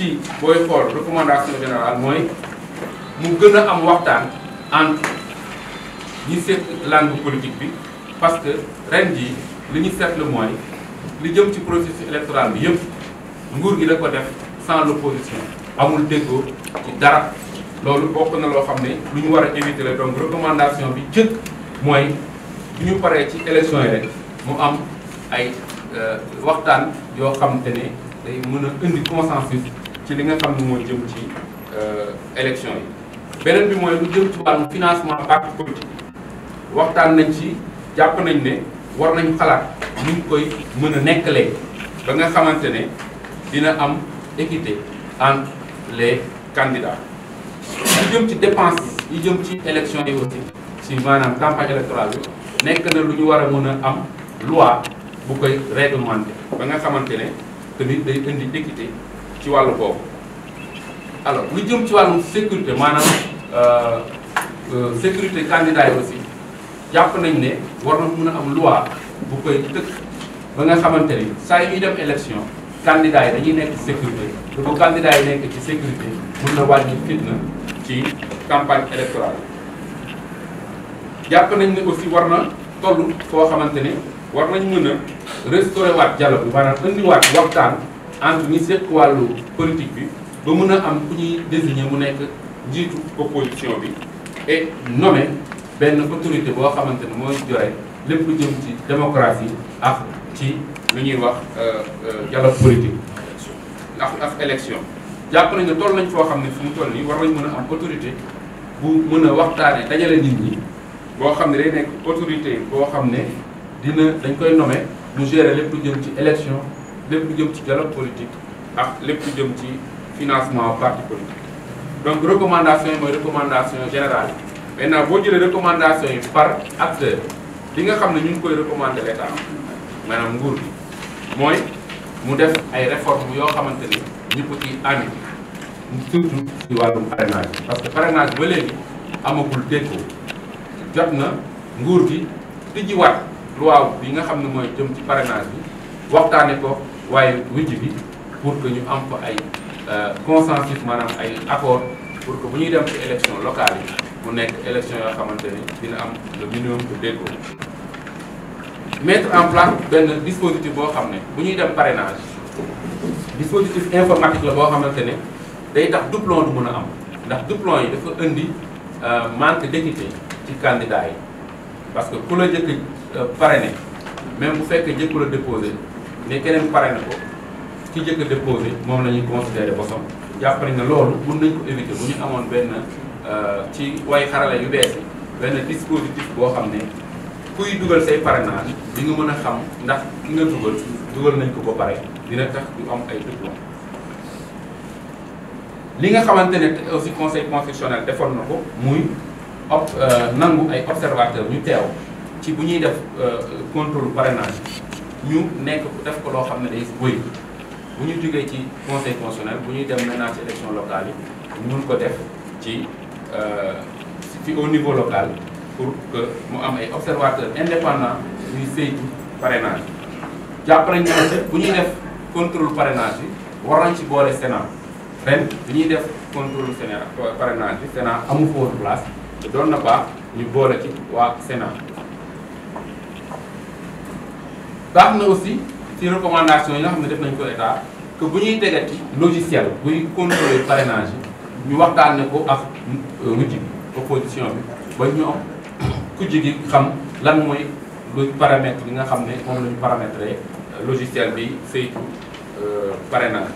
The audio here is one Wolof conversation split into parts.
ci booy xool recommandation générale mooy mu gën a am waxtaan entre ñi seet langue politique bi parce que ren ji li ñu seetlu mooy li jëm ci processus électoral bi yëpp nguur gi da ko def sans l'opposition amul déggoo ci dara loolu bokk na loo xam ne lu ñu war a éviter la donc recommandation bi jëkk mooy bu ñu paree ci élection yi rek mu am ay euh, waxtaan yoo xam te ne day mën a indi consensus ci li nga xam ne mooy jëm ci euh, élection yi beneen bi mooy lu jëm ci wàllum financement parti politique waxtaan nañ ci jàpp nañ ne war nañ xalaat ni ñu koy mën a nekkalee ba nga xamante ne dina am équité entre les candidats lu jëm ci dépense yi jëm ci élection yi aussi si maanaam campagne électorale bi nekk na lu ñu war mën a am loi bu koy réglementer ba nga xamante ne tamit day indi équité ci wàllu boobu alors lu jëm ci wàllu sécurité maanaam euh, euh, sécurité candidat yi aussi jàpp nañ ne war na mën a am loi bu koy tëkk ba nga xamante ni saa yu ñuy dem élection candidat yi dañuy nekk ci sécurité te bu candidat yi nekk ci sécurité mën na wàññi fitna ci campagne électorale jàpp nañ ne aussi war na toll foo xamante ni war nañ mën a restaurer waat dialogue bi maanaam indiwaat waxtaan entre ñi seq wàllu politique bi ba mun a am ku ñuy désigner mu nekk njiitu opposition bi et nommer benn autorité boo xamante ne mooy jore lépp lu jëm ci démocratie ak ci lu ñuy wax euh, euh, dialogue politique ak ak élection jàpp nañ ne toll nañ foo xam ne fi mu toll nii war nañ mën a am autorité bu mën a waxtaane dajale nit ñi boo xam ne day nekk autorité boo xam ne dina dañ koy nommer mu gérer lépp lu jëm ci élection lépp jëm ci dialogue politique ak lépp lu jëm ci financement parti politique donc recommandation yi mooy recommandation générale yi boo jëlee recommandation yi par acteur li nga xam ne ñu ngi koy recommander l'état maanaam nguur bi mooy mu def ay réformes yoo xamante ni ñu ko ci ànd surtout ci wàllum parrainage parce que parrainage ba léegi amagul déggoo jot na nguur gi tijjiwaat loi bi nga xam ne mooy jëm ci parenage bi waxtaane ko waaye wujj bi pour que ñu am ko ay euh, consensus maanaam ay affort pour que bu ñuy dem si élection locale yi mu nekk élection yoo xamante ni dina am le minimum de déggoo mettre en place benn dispositif boo xam ne bu ñuy dem parrainage dispositif informatique la boo xamante ne day tax doublon du mun a am ndax doublon yi dafa indi euh, manque d'équité ci candidat yi parce que ku la jëkk euh, parrainé même bu fekkee jëkku la déposé mais keneen pare na ko ki njëkk a déposé moom la ñuy considéré bosom jàpp nañ loolu mun nañ ko éviter bu ñu amoon benn euh, ci way xarale yu bees yi benn dispositif boo xam ne kuy dugal say parrainage di nga mën a xam ndax ki nga dugal dugal nañ ko ba pare dina tax du am ay doublon nga xamante ne aussi conseil constitutionnel defoon na ko muy ob euh, nangu ay observateur ñu teew ci bu ñuy def euh, contrôle parrainage ñu nekk def ko loo xam ne day wéy bu ñu jógee ci conseil constitutionnel bu ñuy dem maintenant ci élection locale yi ñu mun ko def ci euh, ci au niveau local pour que mu am ay observateurs indépendants ñuy pare parrainage jàpp nañ ne bu ñuy def contrôle parrainage bi war nañ ci boole Sénat ren bu ñuy def contrôle Sénat parrainage bi Sénat amu fa woon place te doon na baax ñu boole ci waa sena baax na aussi ci recommandation yi nga xam ne def nañ ko état que bu ñuy tegati logiciel buy ñuy contrôler parrainage yi ñu waxtaanee ko ak mujj euh, bi bi ba ñu am kujj gi xam lan mooy lu paramètre bi nga xam ne moom la ñu paramétré euh, logiciel bi saytu euh, parrainage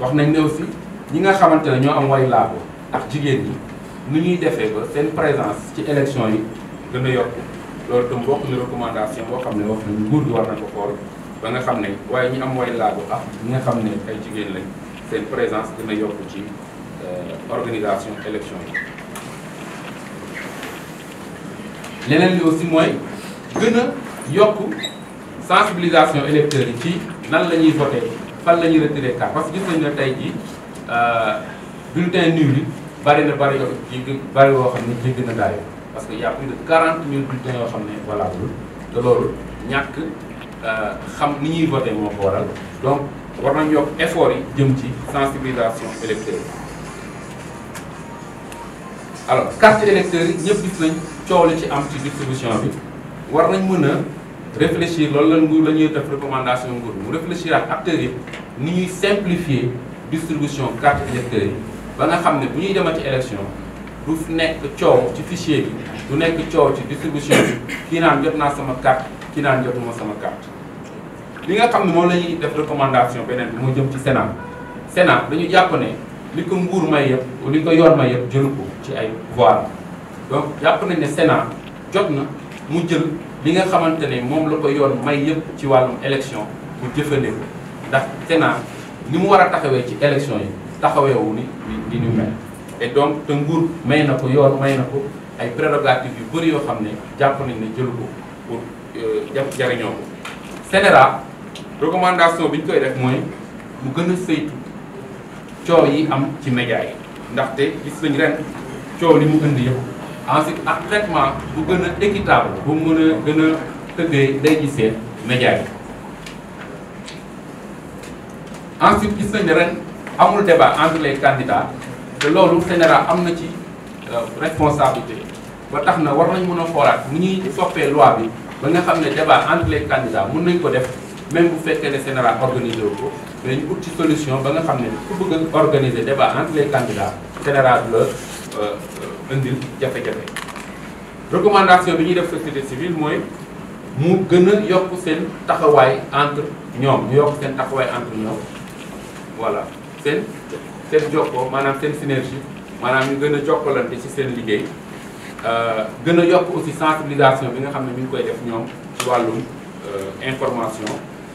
wax nañ ne aussi ñi nga xamante ne ñoo am way laago ak jigéen ñi nu ñuy defee ba seen présence ci élection yi gën a yokk loolu itam bokk na recommandation boo xam ne wax na nguur gi war na ko xool ba nga xam ne waaye ñu am way laagu ak ñi nga xam ne ay jigéen lañ seen présence dina yokk ci euh, organisation élection yi leneen li aussi mooy gën a yokk sensibilisation électeurs yi ci nan la ñuy voté fan la ñuy retiré carte parce que gis nañu ne tey jii euh, bulletin nul yi bari na bari yoo bari woo xam ne jéggi na daayoo parce que y' a plus de quarante mille bulletins yoo xam ne valable te loolu ñàkk euh, xam ni ñuy voté moo ko donc war nañ yokk effort yi jëm ci sensibilisation électeurs yi alors carte électeurs yi ñëpp gis coow li ci am ci distribution bi war nañ mën a réfléchir loolu la nguur la ñuy def recommandation nguur mu réfléchir ak acteurs yi ni ñuy simplifier distribution carte électeurs ba nga xam ne bu ñuy demati ci élection du nekk coow ci fichier bi du nekk coow ci distribution bi kii naan jot naa sama carte kii naan jotuma sama carte li nga xam ne moom la def recommandation beneen bi moo jëm ci Sénat Sénat dañu jàpp ne li ko nguur may yëpp li ko yoon may yëpp jël ko ci ay pouvoir donc jàpp nañ ne Sénat jot na mu jël li nga xamante ne moom la ko yoon may yëpp ci wàllum élection mu jëfandikoo ndax Sénat ni mu war a taxawee ci élection yi taxaweewu ni ni ñu mel te donc te nguur may na ko yoon may na ko ay prérogatives yu bëri yoo xam ne jàpp nañ ne jëlu ko pour euh, jàpp jariñoo ko CNRA recommandation bi ñu koy def mooy mu gën a saytu coow yi am ci média yi ndaxte gis nañ ren coow li mu indi yëpp ensuite ak traitement bu gën a équitable bu mën a gën a tëggee day gisee média yi ensuite gis nañ ren amul débat entre les candidats te loolu sénéral am na ci euh, responsabilité ba tax na war nañ mën a xoolaat mu ñuy soppee loi bi ba nga xam ne débat entre les candidats mun nañ ko def même bu fekkee ne CNRA organisé wu ko mais ñu ut ci solution ba nga xam ne ku bëgg a organiser débat entre les candidats CNRA du la euh, indil jafe-jafe. recommandation bi ñuy def société civile mooy mu gën a yokk seen taxawaay entre ñoom ñu yokk seen taxawaay entre ñoom voilà seen. seen jokkoo maanaam seen synergie maanaam ñu gën a jokkalante ci seen liggéey euh, gën a yokk aussi sensibilisation bi nga xam ne ñu ngi koy def ñoom ci wàllum euh, information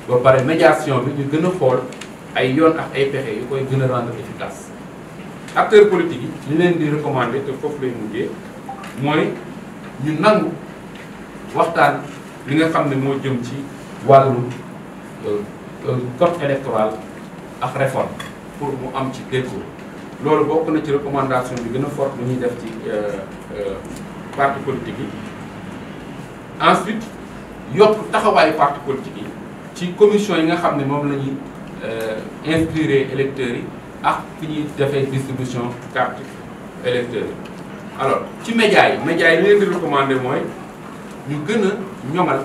boo pare médiation bi ñu gën a xool ay yoon ak ay pexe yu koy gën a rendre efficace acteurs politiques yi li leen di recommander te foofu lay mujjee mooy ñu nangu waxtaan li nga xam ne moo jëm ci wàllu euh, code électoral ak réforme pour mu am ci déggoo loolu bokk na ci recommandation bi gën a foot bu ñuy def ci euh, euh, parti politique yi ensuite yokk taxawaayu parti politique yi ci commission yi nga xam ne moom la ñuy euh, inspirer électeurs yi ak fi ñuy defee distribution carte électeurs yi alors ci médias yi médias yi li leen di recommander mooy ñu gën a ñoŋal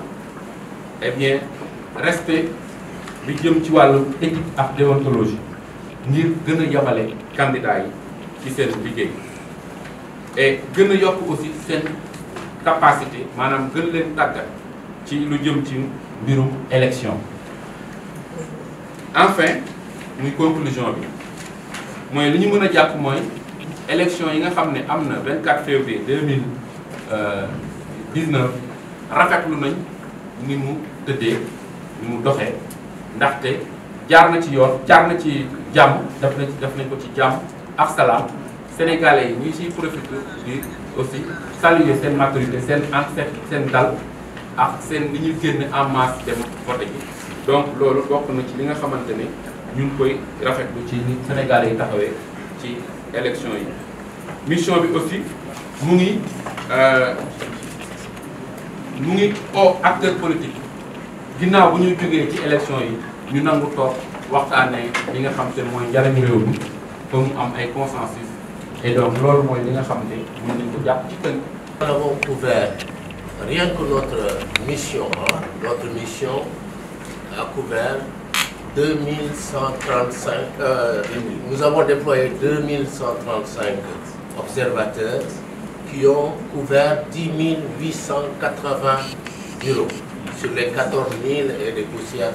eh bien respect bi jëm ci wàll éthique ak déontologie ngir gën a yabale candidat yi ci seen liggéey et gën a yokk aussi seen capacité maanaam gën leen tàggat ci lu jëm ci mbirum élection enfin muy conclusion bi mooy li ñu mën a jàpp mooy élection yi nga xam ne am na 24 février 2019 euh, rafetlu nañ ni mu tëddee ni mu doxee ndaxte jaar na ci yoon jaar na ci jàmm def nañ def nañ ko ci jàmm ak salaam sénégalais yi ñu ciy profité di aussi saluer seen de seen en seen dal ak seen li ñuy génn en masse dem vote ji donc loolu bokk na ci li nga xamante ne ñu ngi koy rafetlu ci ni sénégalais yi taxawee ci élection yi mission bi aussi mu ngi euh, mu ngi au acteur politique ginnaaw bu ñuy jógee ci élection yi ñu nangu toog waxtaanee li nga xam te mooy njariñ réew mi ba mu am ay consensus et donc loolu mooy li nga xam ne mën nañ ko jàpp ci tënk. nous avons couvert rien que notre mission a couvert cent cinq. Euh, nous avons déployé mille cent cinq observateurs qui ont couvert dix mille sur les quatorze mille et des poussières.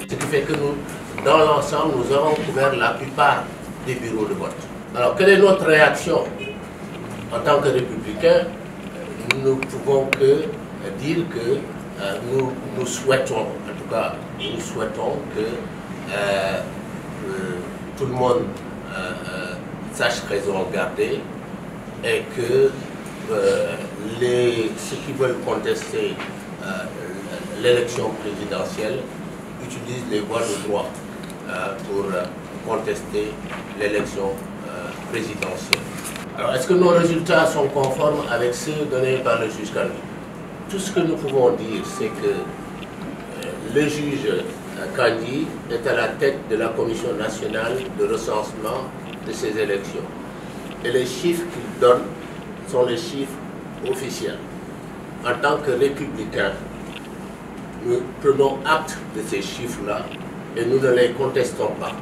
Ce qui fait que nous, dans l'ensemble, nous avons couvert la plupart des bureaux de vote. Alors, quelle est notre réaction En tant que républicains, nous ne pouvons que euh, dire que euh, nous, nous, souhaitons, en tout cas, nous souhaitons que euh, euh, tout le monde euh, euh, sache raison garder et que les, ceux qui veulent contester l'élection présidentielle utilisent les voies de droit euh, pour euh, contester l'élection euh, présidentielle. est-ce que nos résultats sont conformes avec ceux donnés par le juge Carnot Tout ce que nous pouvons dire, c'est que le juge Kandi est à la tête de la Commission nationale de recensement de ces élections. Et les chiffres qu'il donne sont les chiffres officiels. En tant que républicain, nous prenons acte de ces chiffres-là et nous ne les contestons pas.